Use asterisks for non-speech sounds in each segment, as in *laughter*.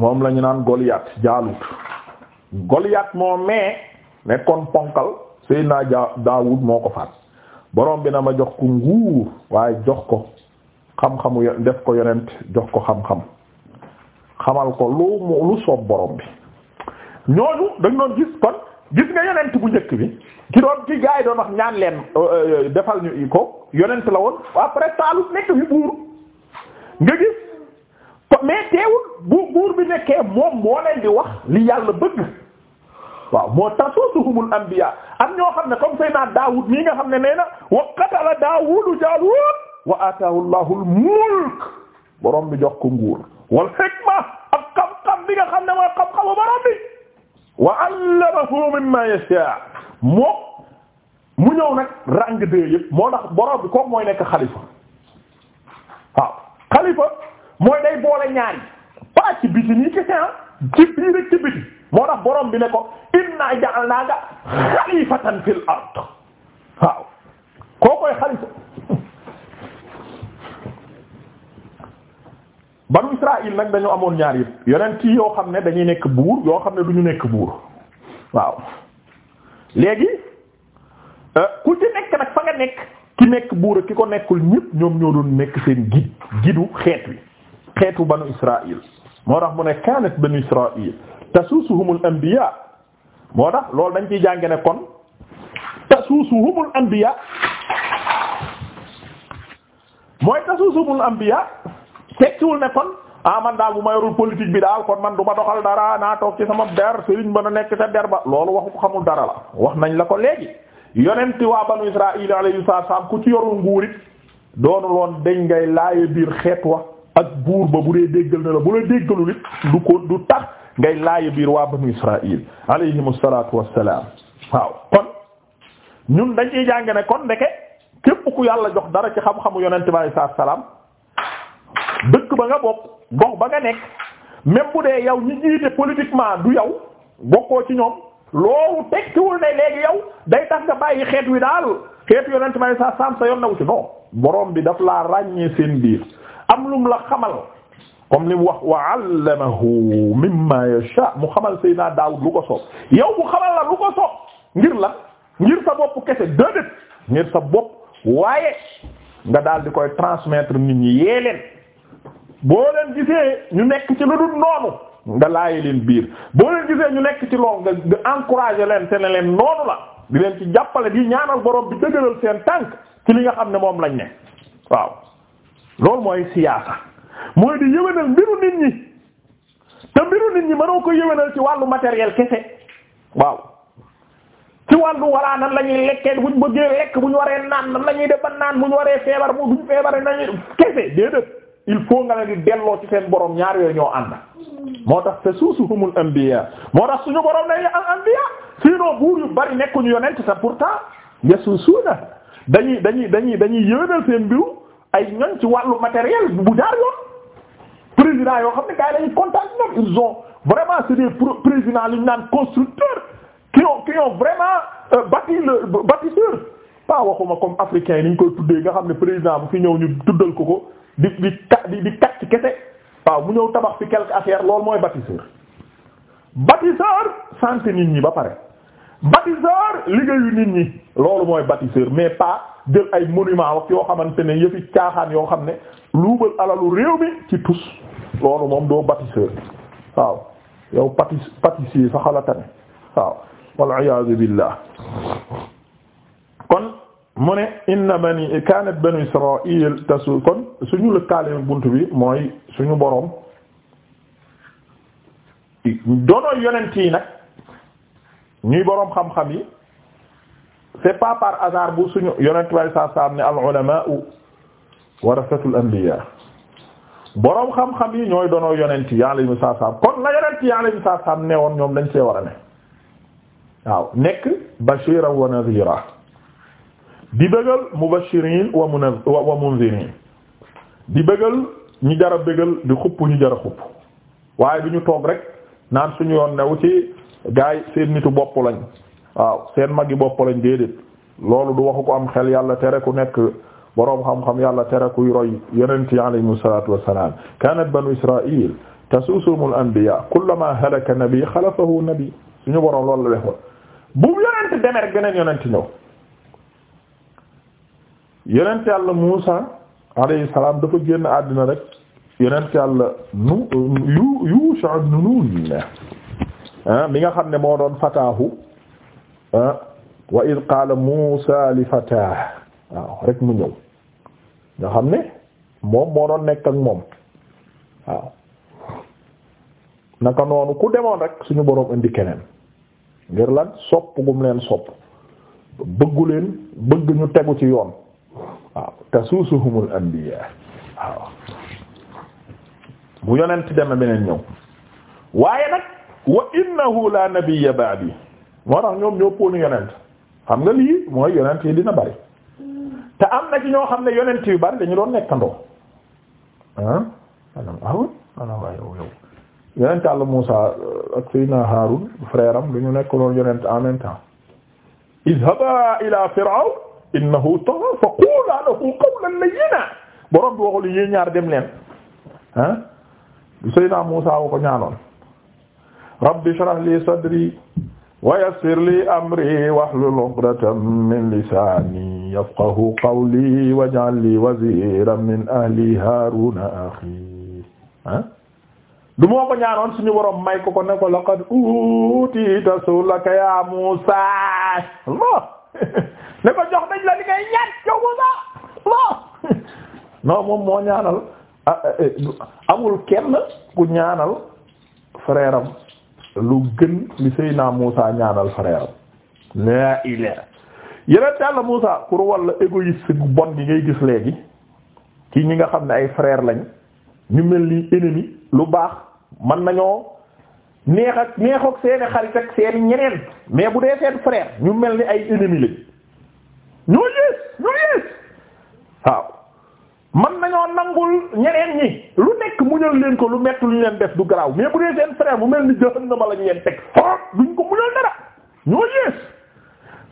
moom lañu ñu naan Goliath Jaalut Goliath moo mee nekkoon ponkal Seydina ja Daawud moo ko faat borom bi na ma jox ko nguur waaye jox ko xam-xamu def ko yonent jox ko xam-xam xamal ko lu lu soob borom bi ñooñu dañ doon gis kon gis nga yonent bu njëkk bi ki doon ki gaa doon wax ñaan leen euh, euh, defal ñu ko yonent la woon après taalut nekk fi buur nga gis ko mais teewul bu buur bi nekkee moom moo leen wax li yàlla bëgg waaw moo tasusuhumul anbiya am ñoo xam ne comme Seydina Daawud mii nga xam ne nee wa qatala Daawudu Jaaluut wa ataahu Allahul mulk borom bi jox ko nguur wal hikma ak xam-xam bi nga xam ne mooy xam-xamu borom bi wa allamahu mimma yasha moom mu ñëw nag rang de moo tax borom bi kooku mooy nekk xalifa waaw xalifa mooy day boole ñaar yi pas ci biti ah. ci biir ak ci biti moo tax borom bi ne ko inna ja'alnaka xalifatan fil ard waaw koo koy xalifa banu Israël nag dañu amoon ñaar yi yonent yi yoo xam ne dañuy nekk buur yoo xam ne du ñu nekk buur waaw léegi euh, ku ci nekk nag fa nga nekk ki nekk buur ki ko nekkul ñépp ñoom ñoo doon nekk seen gid gidu xeet wi xeetu banu Israaïl moo tax mu ne kaanat banu Israaïl tasuusuhumul anbiyaa moo tax loolu dañ ciy jànge ne kon tasuusuhumul anbiyaa mooy tasuusuhumul anbiyaa tekkiwul ne kon ah man daal bu ma yorul politique bi daal kon man du ma doxal dara naa toog ci sama der Serigne ba na nekk sa der ba loolu waxu xamul dara la wax nañ la ko léegi yonenti waa banu Israaïl alayhi salaam ku ci yorul nguurit doonul woon dañ ngay laaye biir xeet wa ak buur ba bu dee déggal na la bu la déggalul it du ko du tax ngay laaj biir waa banu Israël alayhimu salaatu wassalaam waaw kon ñun dañ ciy jàng kon ndeke képp ku yàlla jox dara ci xam-xamu yonent bi alayhi salaam dëkk ba nga bokk gox ba nga nekk même bu dee yow ñi jiite politiquement du yow bokkoo ci ñoom loolu tekkiwul ne léegi yow day tax nga bàyyi xeet wi daal xeet yonent bi alayhi salaatu salaam sa yoon na wu ci borom bi daf laa ràññee seen am lum la xamal comme li mu wax wa allamahu mimma yasha mu xamal Seydina Daawud lu ko soob yow mu xamal la lu ko soob ngir la ngir sa bopp kese déedéet ngir sa bopp waaye nga daal di koy transmettre nit ñi yee leen boo leen gisee ñu nekk ci lu dul nga laaye leen biir boo leen gisee ñu nekk ci lool nga nga encourager leen te ne leen noonu la di leen ci jàppale di ñaanal borom bi dëgëral seen tànk ki li nga xam ne moom lañ ne waaw loolu mooy siyaasa mooy di yëwénal mbiru nit ñi te mbiru nit ñi mënoo ko yëwénal ci wàllu matériel kese waaw ci wàllu walaa nan la ñuy lekkee buñ bëggee lekk bu ñu waree naan nan la ñuy def ba naan bu ñu waree feebar bu duñ feebare nañu kese déedéet il faut nga leen di delloo ci seen borom ñaar yooyu ñoo ànd moo tax te suusuhumul anbiya moo tax ñu borom ne al anbiya sinon buur yu bari nekkuñu yonent te pourtant yasusuuna dañuy dañuy dañuy dañuy yëwénal seen ay ñoñ ci wàllu matériel bu jaar yoon président yoo xam ne gars yi dañuy kontaan ñoom ils ont vraiment c'est des présidents li ñu naan constructeurs qui ont qui ont vraiment euh, bâti le bâtisseur waxuma comme africain yi ni ñu koy tuddee nga xam ne président bu fi ñëw ñu tuddal ko ko di di di di kat ci kese waaw mu ñëw tabax fi quelque affaire loolu mooy bâtisseur bâtisseur sant nit ñi ba pare. bâtisseur liggéeyu nit ñi loolu mooy bâtisseur mais pas jël ay monument wax yoo xamante ne yëfi caaxaan yoo xam ne luubal alalu réew mi ci tus loolu moom doo bâtisseur waaw yow pâtis pâtissier sa xalata ne waaw wal iyaazu billah kon mu ne inna bani kanat banu israil tasu kon suñu lëkkaale buntu bi mooy suñu boroom doonoon yonent yi nag ñuy boroom xam-xam yi c'est pas par hasard bu suñu yonent way saa saam ne al ulama warasatul anbiya boroom xam-xam yi ñooy doonoo yonent yi alayhimu saa saam kon la yonent yi alayhimu saa saam ne woon ñoom dañ see war ne waaw nekk bashira wa nadhira di bëggal mubashirin wa mun wa munzirin di bëggal ñu jara bëggal di xupp ñu jara xupp waaye du ñu toog rek naan suñu yoon new ci gars yi seen nitu bopp lañ waaw seen magi bopp lañ déedéet loolu du waxu ko am xel yàlla tere ku nekk boroom xam-xam yàlla tere kuy roy yonent yi alayhimu salaatu wassalaam kaanat banu israil tasusumu al-anbiya kullama halaka nabi xalafahu nabi suñu boroom loolu la defoon bu yonent demee rek beneen yonent ñëw yonent yàlla Muusa alayhi salaam dafa génn àddina rek yonent yàlla nu Yuusha ibn Nuun Ah, mi nga xam ne moo doon fataahu ah, wa id qaala Muusaa waaw rek mu ñëw nga xam ne moom moo doon nekk ak moom waaw naka noonu ku demoon rek suñu boroom indi keneen ngir lan sopp gum leen sopp bëgg ñu tegu ci yoon waaw tasuusuhumul anbiyaa waaw bu yonent deme beneen ñëw waaye nag wa innahu la nabiyya ba'di moo tax ñoom ñoo poonu yonent xam nga lii mooy yonent yi dina bari te am na ci ñoo xam ne yonent yu bari dañu doon nekkandoo ah maanaam ah oui maanaam waaye yow yow yonent Yàlla Muusaa euh, ak Seydina Haarun frère am dañu nekkoon yonent en même temps idhaba ila fir'awn innahu tagha fa qula lahu qawlan layyina borom bi waxul yéen ñaar dem leen ah Seydina Muusaa wa ko ñaanoon rabbi shrah li sadri wa yassir li amri wahlul uqdatan min lisani yafqahu qawli waj'al li waziran min ahli haruna akhi ah du moo ko ñaanoon suñu borom may ko ko ne ko laqad utiita sulaka ya Musa Allah *laughs* ne ko jox nañ la li ngay ñaan yow Musa Allah *laughs* non moom moo ñaanal ah, eh, eh, amul kenn ku ñaanal frère am lu gën li Seydina Muusa ñaanal frère la ilaha yeneen yàlla Muusa pour walla égoïste gu bon gi ngay gis léegi ci ñi nga xam ne ay frère lañ ñu mel ni ennemi lu baax man nañoo neex ak neex ak seeni xarit ak seeni ñeneen mais bu dee seen frère ñu mel ni ay ennemi lañ ñoo yées ñoo yées waaw man nañoo nangul ñeneen ñi lu nekk muñal leen ko lu mettu lu ñu leen def du garaaw mais bu dee seen frère bu mel ni jahannama lañ leen teg foog duñ ko muñal dara ñoo yées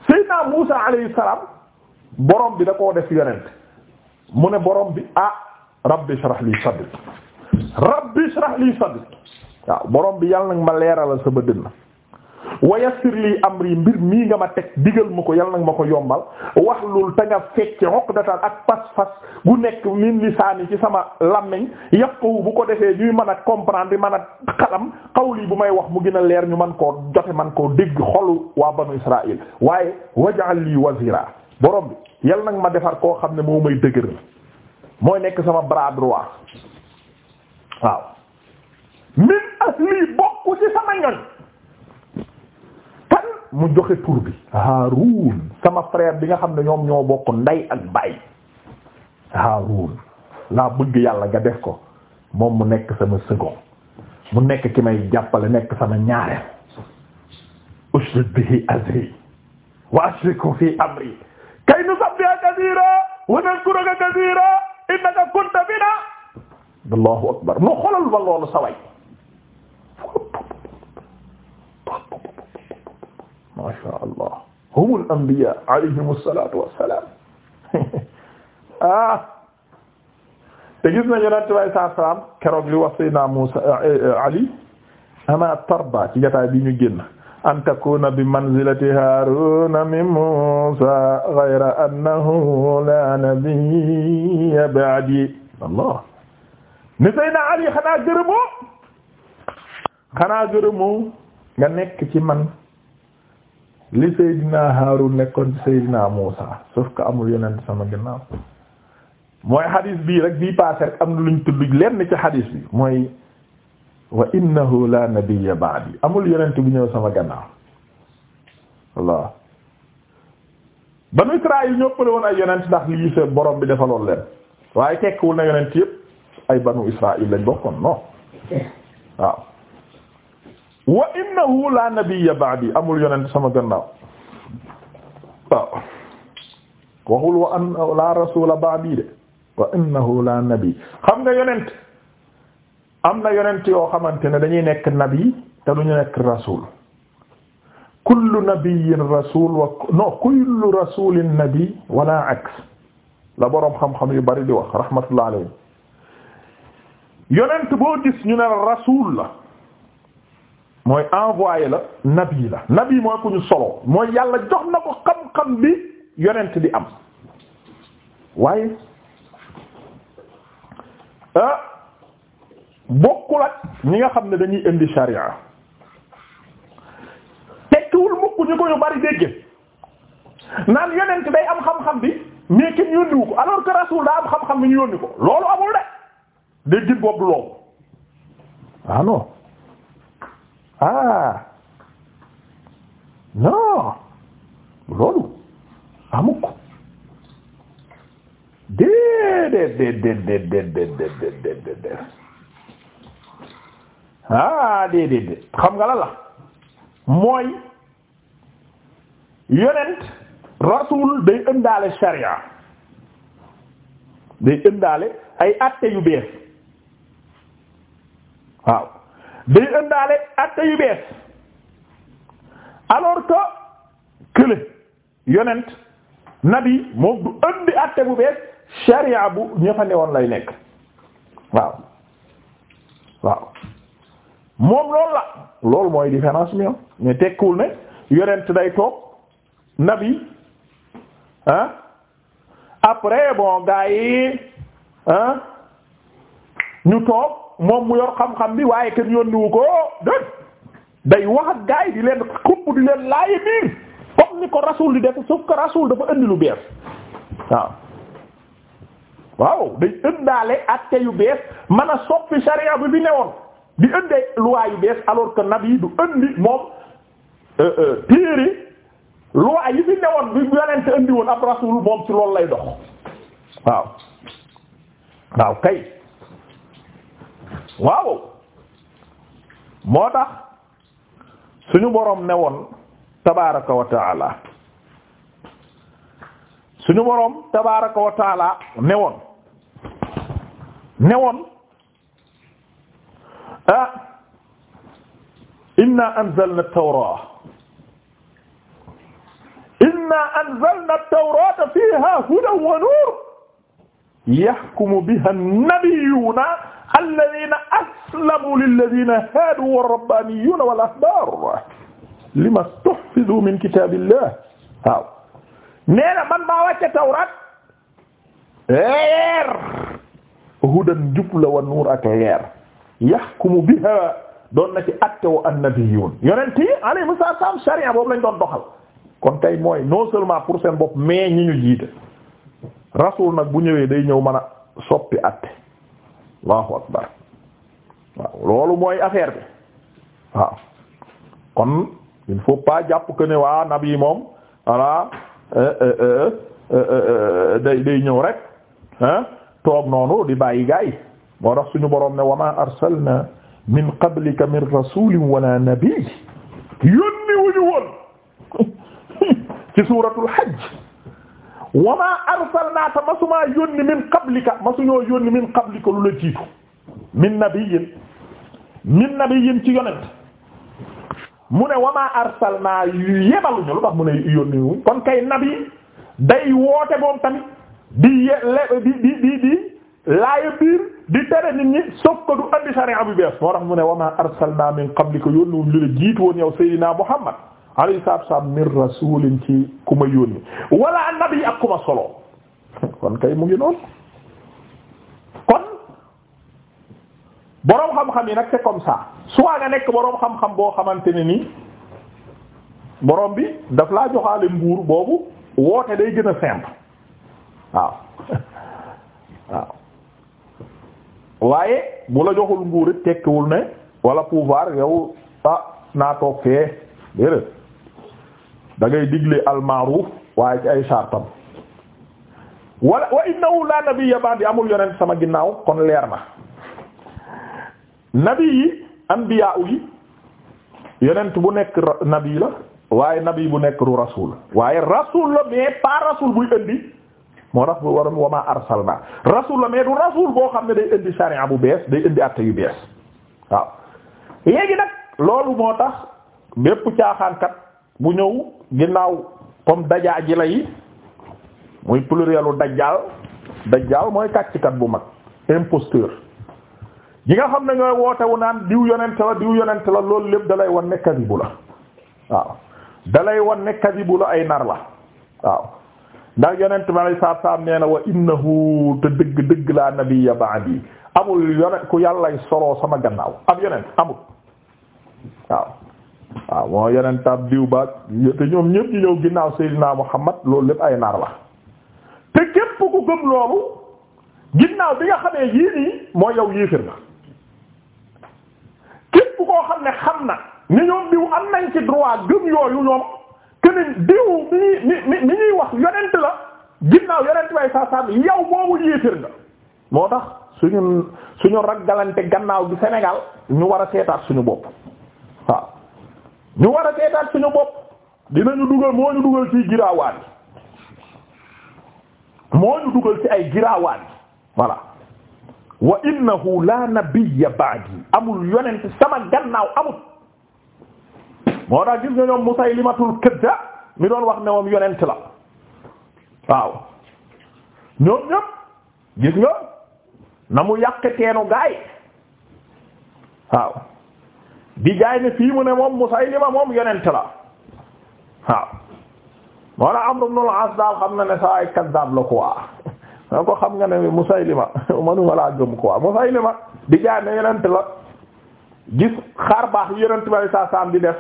Seydina Muusa alayhi salaam borom bi da koo def yonent mu ne borom bi ah rabbi ishrah li sadri rabbi ishrah li waaw borom bi yàlla nag ma leeralal sama dënn wa yassir lii amri mbir mii nga ma teg digal ma ko yal nag ma ko yombal waxlul te nga fecc uqdatan ak pas-pas gu nekk min lisaani ci sama làmmiñ ko bu ko defee ñuy mën a comprendre di mën a xalam lii bu may wax mu gën a leer ñu man koo jote man koo dégg xolu waa banu Israël waaye waj'al lii wazira borom bi yal nag ma defar koo xam ne moo may dëgër mooy nekk sama bras droit waaw min asli bokku ci sama ñoñ mu joxe tur bi Haarun sama frère bi nga xam ne ñoom ñoo bokk ndey ak baay Haarun laa bëgg yàlla nga def ko moom mu nekk sama second mu nekk ki may jàppale nekk sama ñaareel ushdud bihi azri wa ashriku fi amri kay nusabbiha kathira wa nadhkuruka kathira innaka kunta bina allahu akbar mu xolal ba loolu saway ma sha allah humul anbiya alayhim assalatu wassalam *laughs* ah te gis nañu yonente bi saa salaam keroog li wax Seydina Musa eh, eh, eh, Ali ama tarda ci jotaay bi ñu génn an takuna bi manzilati Haaruna min Musa ghayra annahu la nabiyya ba'di allah ne Seydina Ali xanaa gërëmoo xanaa gërëmoo nga nekk ci man li Seydina Haarun nekkoon ci Seydina Muusa sauf que amul yeneen sama ginnaaw mooy xadis bii rek bii paase rek am na luñ tudd lenn ci xadis bi mooy wa innahu la nabiyya ba'di amul yonent bu ñëw sama gannaaw walla banu Israayil ñoo ëppale woon ay yonent ndax lii sa borom bi defaloon leen waaye tekkiwul na yonent yëpp ay banu Israayil lañ bokkoon non *laughs* waaw wa innahu la nabiyya ba'di amul yonent sama gannaaw waaw waxul wa an la rasula ba'di de wa innahu la nabi xam nga yonent am na yonent yoo xamante ne dañuy nekk nabi te duñu nekk rasul kullu nabiyyin rasul wa no kullu rasulin nabi wala aks la boroom xam-xam yu bari di wax rahmatullah alayhi yonent boo gis ñu ne rasul la mooy envoyé la nabi la nabi mooy ku ñu solo mooy yàlla jox na ko xam-xam bi yonent bi am waaye ah bokkul ñi nga xam ne dañuy indi sharia tekkiwul mukk ñu ko yu bari dégg naan yonent day am xam-xam bi mais kenn yónniwu ko alors que rasul daa am xam-xam bi ñu yónni ko loolu amul de dégg boobu loolu ah ah non loolu amuk déedéet déedéet déedéet déedéet ah déedéet xam nga la la mooy yonent rasul day ëndaale sharia day ëndaale ay àtte yu bees waaw day ëndaale atte yu bees alors que kële yonent nabi moom du ëndi atte bu bees sharia bu ña fa newoon lay nekk waaw waaw moom loolu la loolu mooy différence mi yoon mais tekkiwul ne yonent day toog nabi ah après bon gaa ah ñu toog moom mu yor xam-xam bi waaye kenn yónniwu ko dégg day wax ak gaay di leen xupp di leen laayi biir comme ni ko rasul di def sauf que rasul dafa indi lu bees waaw waaw day ëndaale atte yu bees mën a soppi sharia bi bi newoon di ëndee loi yu bees alors que nabi du indi moom euh, euh, téere loi yi fi newoon bi yonent indi woon ab rasul moom ci loolu lay dox waaw waaw kay waaw moo tax suñu boroom ne woon tabaaraka wa taala suñu boroom tabaaraka wa taala ne woon ne woon ah inna anzalna at-tawrata inna anzalna at-tawrata fiha hudan wa nur yahkumu biha an-nabiyyuna alladhina aslamu lilladhina hadu war-rabbaniyuna wal ahbar lima tuhfizu min kitabillah waaw nee na man maa wàcce tawraat leer hudan jubla wa nuur ak leer yahkumu biha doon na ci atte wa annabiyun yonent yi alayhimu salaam sharia boobu lañ doon doxal kon tey mooy non seulement pour seen bopp mais ñi ñu jiite rasul nag bu ñëwee day ñëw mën a soppi atte allahu akbar waaw loolu mooy affaire bi waaw kon il faut jàpp que ne waa nabi moom voilà euh, euh, euh, day day ñëw rek toog noonu di bàyyi gaay moo tax suñu boroom ne wa ma min qablika min rasulin wala nabi yónni wuñu woon *laughs* ci suuratul hajj wa maa arsalnaaka masumaa yónni min qablika masuñoo yónni min qablika lu la jiitu min nabiyyin min nabiyyin ci yonent mu ne wa arsalnaa yebaluñu lu tax mu ne yónni wuñ kon kay nabi day woote moom tamit di ye- di di di di laaya biir di tere nit ñi soog ko du andi sharia bu bees moo tax mu ne wa maa arsalnaa min qablika yónni wuñ lu la jiitu woon yow Seydina Muhammad alayhi salaatu wa salaam min rasulin ci ku ma yónni wala annabi ak ku ma solo kon kay mu ngi noonu kon boroom xam-xam yi nag c'est comme ça soit nga nekk boroom xam-xam boo xamante ni nii boroom bi daf laa joxaale nguur boobu woote day gën a simple *laughs* waaw waaye bu la joxul nguur it tekkiwul ne wala pouvoir yow ah naa toog fee déedéet da ngay digle al ma'ruf waaye ci ay sartam wala wa innahu la nabiyya ba'di amul yonent sama ginnaaw kon leer na nabi yi anbiya yi yonent bu nekk nabi la waaye nabi bu nekk ru rasul waaye rasul la mais pas rasul buy indi moo tax bu waroon wa ma arsalna rasul la mais du rasul boo xam ne day indi sharia bu bees day indi atte yu bees waaw léegi nag loolu moo tax bépp caaxaankat bu ñëw ginnaaw comme dajaa ji lay muy plurielu dajjaal dajjaal mooy kàcckat bu mag imposteur yi nga xam ne ñooy wootewu naan diw yonent la diw yonent la loolu lépp dalay wan ne kadibu la waaw dalay wan ne kadibu la ay nar la waaw ndax yonent bi alay saab saab nee na wa innahu te dëgg dëgg laa nabiyya ba'di amul yonent ku yàllay soroo sama gannaaw ab yonent amul waaw waaw moo yeneen tab diw baag te ñoom ñëpp ñu ñëw ginnaaw Seydina Muhammad loolu lépp ay nar la te képp ku gëm loolu ginnaaw bi nga xamee yii nii mooy yow yéefir la képp koo xam ne xam na ni ñoom diw am nañ ci droit gëm yooyu ñoom keneen diw mi ñuy mi mi ñuy wax yonent la ginnaaw yonent way sa sam yow boobu yéefir nga moo tax suñu suñu raggalante gannaaw bi Sénégal ñu war a seetaat suñu bopp waaw ñu war a seetaat suñu bopp dinañu dugal moo ñu dugal ci giraawaan moo ñu dugal ci ay giraawaan voilà wa innahu la nabiyya ba'di amul yonent sama gannaaw amul moo tax gis nga ñoom Musaylimatul kadda mi doon wax ne moom yonent la waaw ñoom ñëpp gis nga na mu yàq teenu gaay waaw di jaay ne fii mu ne moom Musaylima moom yonent la waaw moo la Amr ibn al-As daal xam na ne saa ay kaddaab la nga *laughs* ko xam nga ne Musaylima *laughs* manuma laa gëm quoi Musaylima di jaay ne yonent la gis xaar baax yi yonent ba saa saam di def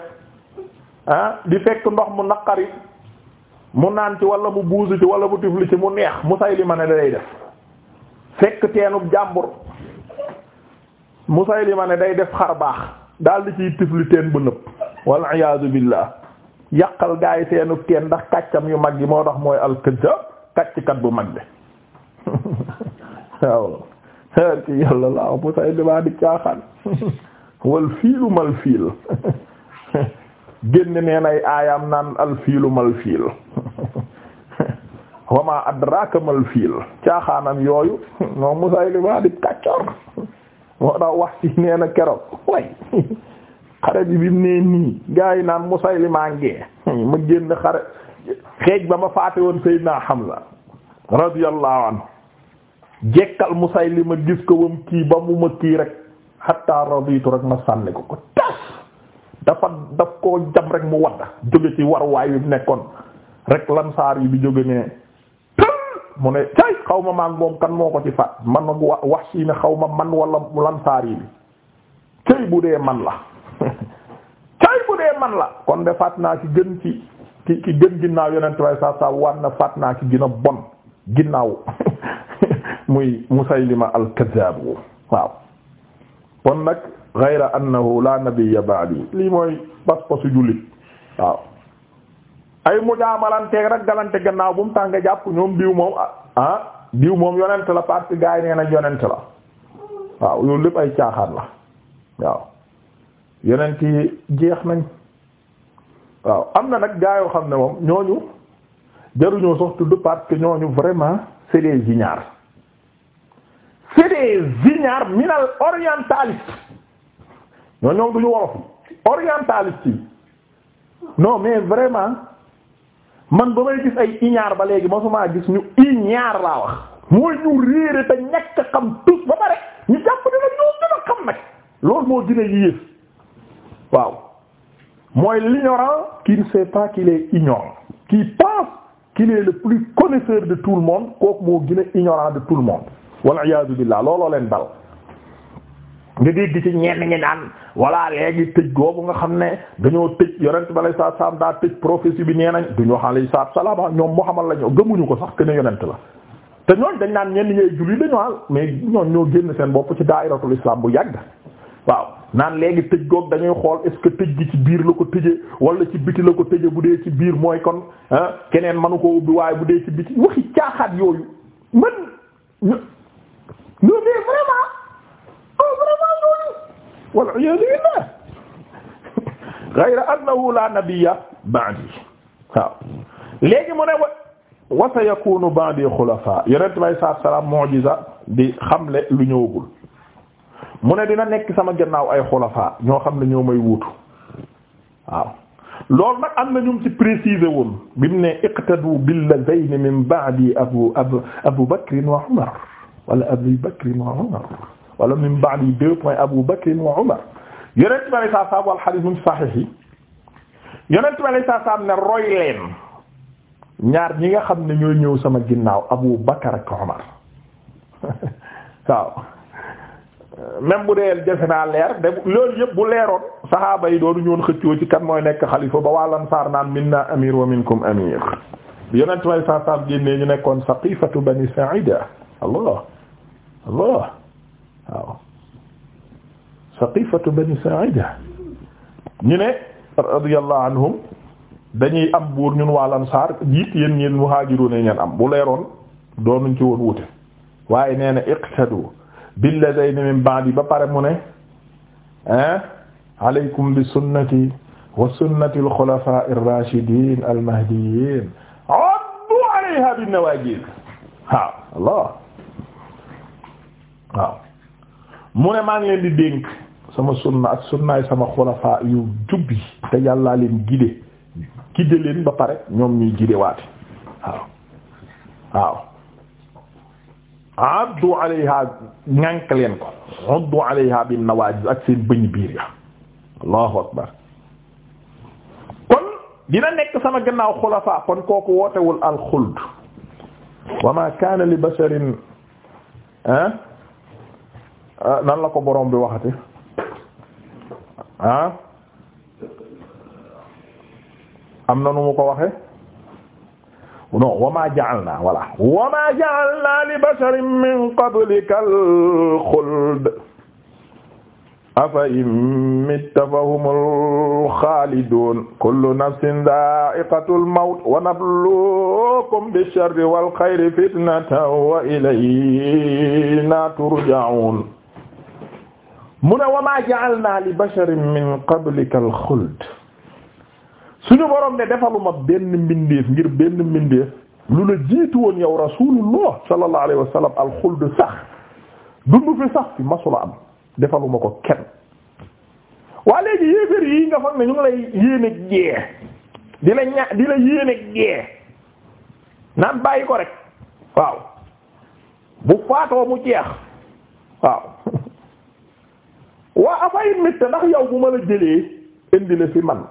ah di fekk ndox mu naqari mu naan ci walla mu buusu ci wala mu tifli ci mu neex Musaylima ne day def fekk teenub jàmbur lima ne day def xar baax daldi di ciy tifli teen bu nëb wal iyaadu billah yàqal gaa seenu teen ndax kàccam yu mag yi moo tax mooy alkëca kàcckat bu mag bi *laughs* waaw *laughs* ki yàlla laa bu say dibaa caaxaan *laughs* wal fiilu mal fiil génn neen ay aayam naan al fiilu mal fiil wama adraka mal fiil caaxaanam yooyu moom mu say dibaa kàccoor moo tax wax ci nee na keroog way xare bi bi nee nii gars yi naan ma ngee ma génn xare xeej ba ma faate woon Seydina Hamza radiyallahu anhu jekkal Musaylima gis ko wam kii ba mu ma kii rek hatta raditu rek ma sànni ko ko tas dafa daf koo jam rek mu wadda jóge ci war waay yu nekkoon rek lansaar yi bi jóge ne mu ne cay xaw ma maag moom kan moo ko ci faat man wax si ne xaw ma man wala lansaar yi bi cay bu dee man la *laughs* cay bu dee man la kon de faat naa ci gën ki gën ginnaaw yonent way saa saa war na faat naa ci gën a bon ginnaaw *laughs* muy Musaylima al-Kazzab waaw kon nag ghayra annahu la nabiyya ba'di lii mooy pas pasu jullit waaw ay mujaamalanteeg rek galante gannaaw bu mu tax jàpp ñoom diw moom ah diw moom yonent la parce que gars yonent la waaw loolu lépp ay caaxaan la waaw yonent yi jeex nañ waaw am na nag gaa yoo xam ne moom ñooñu jaruñoo sax tudd parce que ñooñu vraiment c'est des ignares c'est des ignares minal orientaliste ñooñu ñoom duñu wolof orientaliste yi non mais vraiment man ba may gis ay iñaar ba léegi masumaa gis ñu iñaar laa wax mooy ñu réere te ñàkk xam tus ba pare ñu jàpp ne ñoo gën a xam nag loolu moo gën a yées waaw mooy l'ignorant qui ne sait pas qu'il est ignorant pense qu'il le plus connaisseur de tout le monde kooku moo gën a ignorant de tout le monde wal iyaadu billah looloo leen dal nga dégg ci ñenn ñi naan voilà leegi tëj googu nga xam ne dañoo tëj yonent bi alayhi salaatu salaam daa tëj prophétie bi nee nañ duñu wax alayhi salaatu salaam ah, ñoom Muhammad lañu gëmuñu ko sax que ne yonent la. te ñooñ dañ naan ñenn ñooy julli dañu al ah, mais ñooñ ñoo génn seen bopp ci daayiratul islam bu yàgg waaw naan léegi tëj googu dañuy xool est que tëj gi ci biir la ko tëjee wala ci biti la ko tëjee bu dee ci biir mooy kon ah, keneen manu ko ubbi waaye bu dee ci biti waxi caaxaat yooyu man ñu mais vraiment. vraiment ñooñu wal iyaadu billah ghayra annahu la nabiyya ba'di waaw léegi mu ne wa wa sayakunu ba'di xulafaa yonent may saa salaam mu'jiza di xamle lu ñëwagul mu ne dina nekk sama gannaaw ay xulafaa ñoo xam ne ñoo may wuutu waaw loolu nag am na ñum ci préciser woon bimu ne iqtadu billazayni min ba'di abu abu abu bakrin wa umar wala abi bakrin wa umar wala min ba'di deux points Abu Bakr wa Umar yonent bi alayhi salaam wal hadiis min ñi nga xam ne ñoo ñëw sama ginnaaw Abu Bakr ak *laughs* bu dee defe naa leer de loolu yëpp bu leeroon saxaaba yi doonu ñoon xëccoo ci kan mooy nekk xalifa ba waa Ansaar naan minna amir wa minkum amir yonent bi ñu nekkoon saqifatu bani Sa'ida Allah Allah waaw saqifatu bani sa'ida ñu ne radiyallahu anhum dañuy am buur ñun waa lansaar jiit yéen ñeen muhaajiru ne ñeen am bu leeroon doonuñ ci woon wute waaye nee na iqtadu billadayni min ba'di ba pare mu ne ah alaykum bi sunnati wa sunnati al-khulafaa'i ar-raashidiin al-mahdiyyiin addu alayhaa bin nawaajid waaw Allah waaw mu ne maa ngi leen di dénk sama sunna ak sunnaay sama xulafaa yu jubbi te gide gide leen ba pare ñoom ñuy gide waate waaw waaw addu alayha ngànk leen ko addu alayha bin nawajiz ak seen bëñ biir ya allahu akbar kon dina nekk sama gannaaw xulafaa kon kooku wootewul al xuld wa ma kaana li basharin ah Ah, nan la ko borom bi waxati ah am na nu mu ko waxe non wama ja'alna wala wama ja'alna li basharin min qablikal khuld afa in mitta fahumul khalidun kullu nafsin dha'iqatul maut wa nabluukum bisharri wal khayri fitnatan wa ilayna turja'un mu ne wa maa ja'alnaa li basharin min qablika al xuld suñu borom ne defaluma benn mbindeef ngir benn mbindeef lu la jiitu woon yow rasulullah sallallahu wa sallam al sax dundu fi sax fi masula am defaluma ko kenn. waa léegi yéefér yi nga foog ne ñu ngi lay yéene jee di la ña di la yéene jee naan bàyyi ko rek waaw bu faatoo mu jeex waaw. waa afayit mit te ndax yow bu ma la jëlee indi la fi man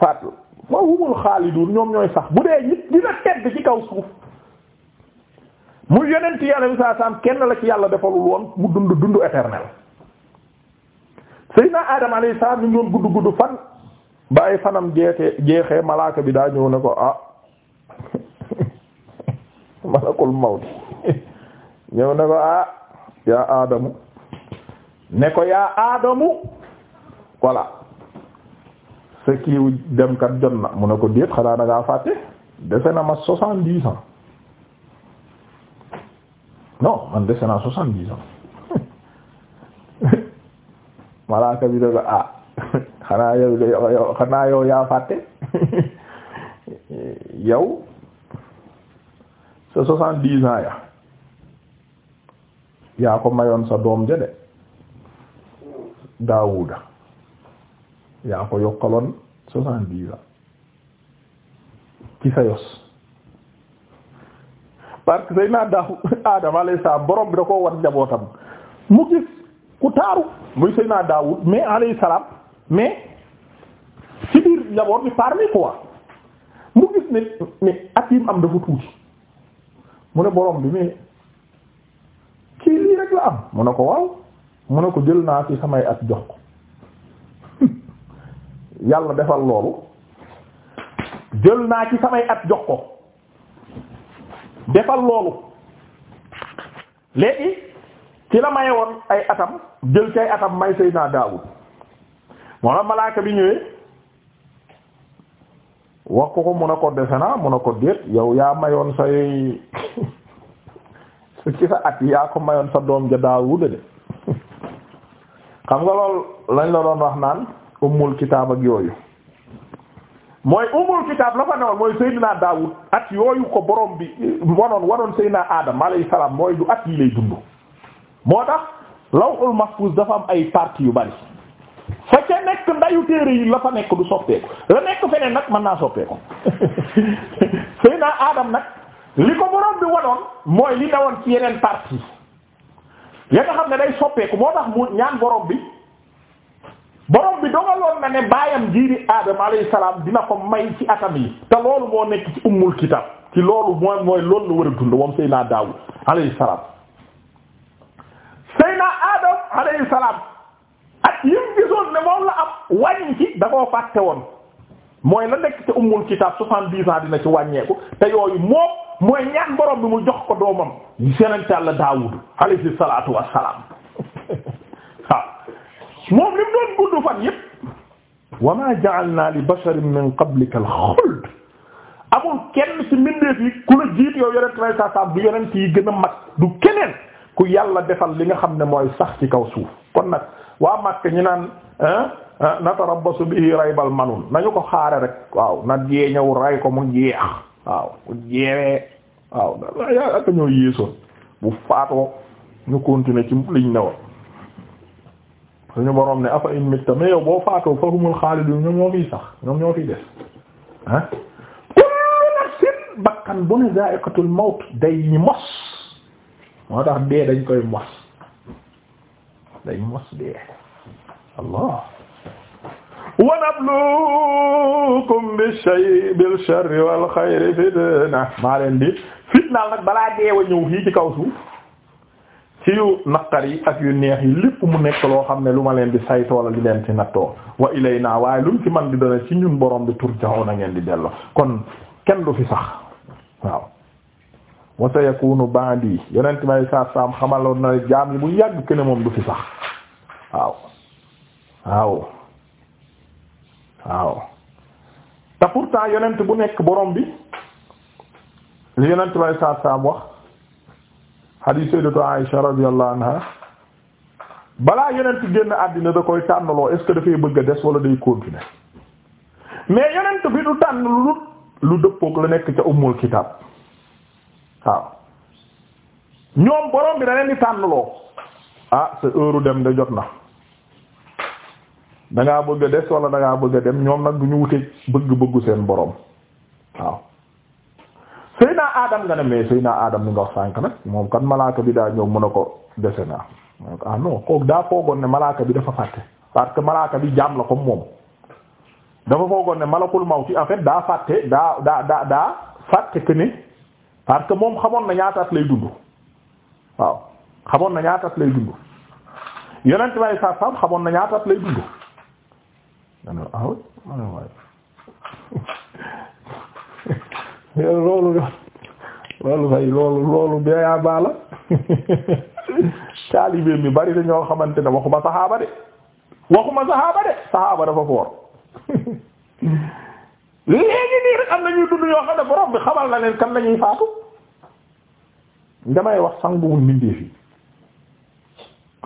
faatu fa humul xaalidun ñoom ñooy sax bu dee nit dina tedd ci kaw suuf mu yonent yàlla saa saam kenn la ci yàlla defalul woon mu dund dund éternel Seydina Adam alayhi salaam ñu gudd gudd fan ba ay fanam jeexee jeexee malaaka bi daa ñëw ne ko ah *laughs* malakul mawt *laughs* ñëw ne ko ah yaa Adamu ne ko yaa aadamu voilà sa kiiwu dem kat jot na mu ne ko déet xanaa da ngaa fàtte dese na ma soixante dix ans non man dese naa soixante dix ans *laughs* malaaka bi def ah *laughs* xanaa yow xanaa yow yaa fàtte *laughs* yow sa soixante ya yaa ko mayoon sa doom ja de a yaa ko yokkaloon soixante-dix ans ci sa yos parce que Seydina daaw Adama alayhi borom bi da koo war njabootam mu gis ku taaru muy Seydina Daawud mais alayhi mais ci biir njaboot bi parmi quoi mu gis ne ne at am dafa tuuti mu ne borom bi mais kii lii rek la am mu ne ko waaw. mu ne ko jël naa ci samay at jox ko *laughs* yàlla defal loolu jël naa ci samay at jox ko defal loolu léegi ci la maye woon ay atam jël ci atam may Seydina Daawud moo la malaaka bi ñëwee wax ko ko mun a ko dese naa mun a ko déet yow yaa mayoon say *laughs* ci sa at yaa ko mayoon sa doom ja Daawud de xam nga lool lañ la doon wax naan ummul kitaab ak yooyu mooy ummul kitaab la fa newoon mooy Seydina Daawud at yooyu ko borom bi wanoon wanoon Seydina Adam alayhi salaam mooy du at yi lay dund moo tax lawhul mahfuz dafa am ay parties yu bari fa ca nekk ndayu téere yi la fa nekk du soppeeku la nekk feneen nag mën naa soppeeku *laughs* Seydina Adam nag li ko borom bi wanoon mooy li newoon ci yeneen parties ya nga xam ne day soppeeku moo tax mu ñaan borom bi borom bi dogaloon na ne baayam jiiri aadama alayhi salaam dina ko may ci atam yi te loolu moo nekk ci ummul kitab ci loolu mooy mooy loolu la war a dund moom Seydina Daawud alayhi salaam Seydina Adam alayhi salaam ak yim gisoon ne moom la am wàññi ci da koo woon mooy la nekk te ummul kitaab soixante-dix dina ci wàññeeku te yooyu moom mooy ñaan borom bi mu jox ko doomam seneen Yàlla Daawud alayhi salaatu wassalaam waaw *laughs* moom li mu doon gudd fan yépp wa maa ja'alnaa li basharin min qablika al amul kenn ci mbindeef yi ku la jiit yow yonent way sa sam du yonent yi gën a mag du keneen ku yàlla defal li nga xam ne mooy sax ci kaw suuf kon nag waa Makka ñi naan natarabbasu bihi raybal manun nañu ko xaare rek waaw na dee ñëw ray ko mu jeex waaw mu jeexee waaw yaa ak ñoo yéesoon bu faatoo ñu continuer ci liñ ne woon suñu boroom ne afa in mitta mais yow boo faatoo fa humul xaalidun ñoom ñoo fiy sax ñoom ñoo fiy des ah bakkan bu ne za'iqatul mawt day ñi mos moo tax dee dañ koy mos day mos dee allah wa nabluukum bi shay bil sharri wal xayri fitna maa leen di fitnaal nag balaa deewa ñëw fii ci kaw suuf ci yu naqar yi ak yu neex yi lépp mu nekk loo xam ne lu ma leen di saytoo la di leen ci nattoo wa ilayna waaye lu mu ci man di dana ci ñun borom bi turjaxoon a ngeen di delloo kon kenn du fi sax waaw wa sayakunu ba'di yonent may saa saam xamaloon na jaam yi bu yàgg kenn moom du fi sax waaw waaw waaw te pourtant yonent bu nekk borom bi li yonent may saa saam wax hadith sayyidatu Aisha radiyallahu anha balaa yonent génn àddina da koy tànnaloo est-ce que dafay bëgg a des wala day continuer mais yonent bi du tànn lu lu dëppook la nekk ca ummul kitab waaw ñoom borom bi da leen di tànnloo ah sa heure dem de jot na da ngaa bëgg a des wala da bëgg a dem ñoom nag du ñu wute bëgg-bëggu seen borom waaw sëy naa aadam nga ne mais sëy naa aadam ni nga wax sànk nag moom kan malaaka bi daa ñëw mën a ko dese naa ah non kooku daa foogoon ne malaaka bi dafa fàtte parce que malaaka bi jaam la comme moom dafa foogoon ne malakul mawti en fait daa fàtte daa daa daa fàtte que parce que moom xamoon na ñaata at lay dund waaw xamoon na ñaata lay dund yonent bi saa saam xamoon na ñaata lay dund ma ne ah oui ma *laughs* loolu loolu fay loolu loolu beeyaa baa la *laughs* taalibe mi bari na ñoo xamante ne waxuma saxaaba de waxuma saxaaba de saxaaba dafa foor *laughs* léegi nii rek am na dund yoo xam ne borom bi xamal na leen kan lañuy faatu damay wax sangu mu mbindeef yi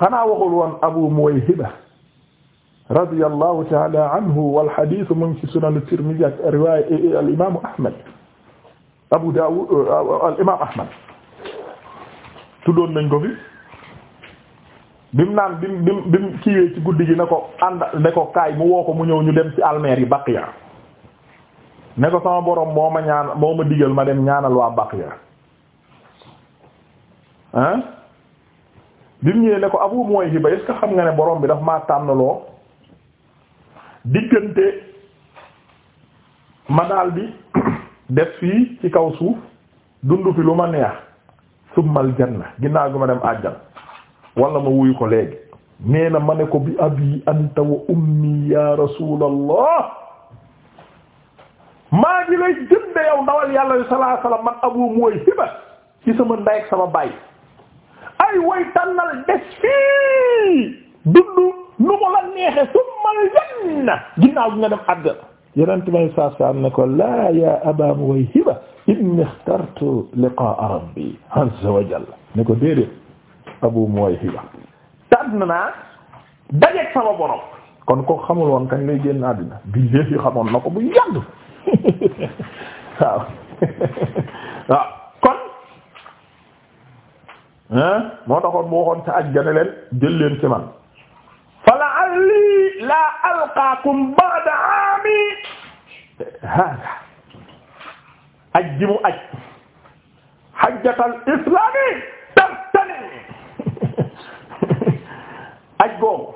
xanaa waxul woon Abu Muwayhiba radiyallahu ta'ala anhu wal hadith mu ngi nañ ko fi bim naan bim guddi gi ne ko ànd ne ko kaay woo ko mu ñëw ñu dem ci almeer yi Baqiya ne ko sama borom moo ma ñaan moo ma digal ma dem ñaanal waa Baqiya ah bi ñëwee ne ko Abu Muwayhiba est-ce que xam nga ne boroom bi dafa maa tànnaloo diggante ma daldi *coughs* def fii ci kaw suuf dund fi lu ma neex summal janna ginnaaw gi ma dem àjjal wala ma wuyu ko léegi nee na ma ne ko bi abi anta ummi ya rasulallah maa ngi lay jënde yow ndawal yàlla yu sallallahu alayhi man abu mooy hiba ci sama ndey ak sama baay ay way tànnal des fii dundu nu mu la neexe summal janna ginnaaw gi nga dem àddina yenent may saasaan ne ko laa ya aba muwayhiba inni ixtartu liqaa rabbi azza wa jalla ko déedéet abu muwayhiba tànn naa dajeek sama borom kon ko xamul woon kañ lay génn àddina bi léegi xamoon na ko bu yàgg waaw *laughs* waaw kon moo taxoon mu waxoon ca ajjane leen jël leen ci man fa la'alli laa alqaakum ba'da 'aami hada aj ji mu aj hajjatal islami tartani *laughs* aj googu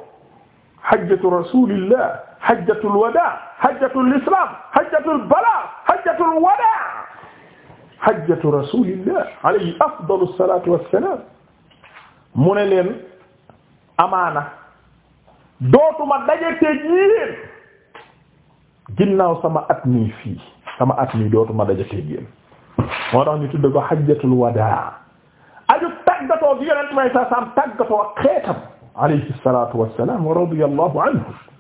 hajjatu rasulillah hajjatul wadaa hajjatul islam hajjatul balaa hajjatul wadaa hajjatu rasulillah alayhi afdalu salatu wassalam mu ne leen amaana dootuma dajeteeg yéen ginnaaw sama at mii fii sama at mii dootuma dajeteeg yéen moo tax ñu tudde ko hajjatul wadaa aju tàggatoo gi yonent may sa sam tàggatoo ak xeetam alayhi salatu wassalam wa radiyallahu anhu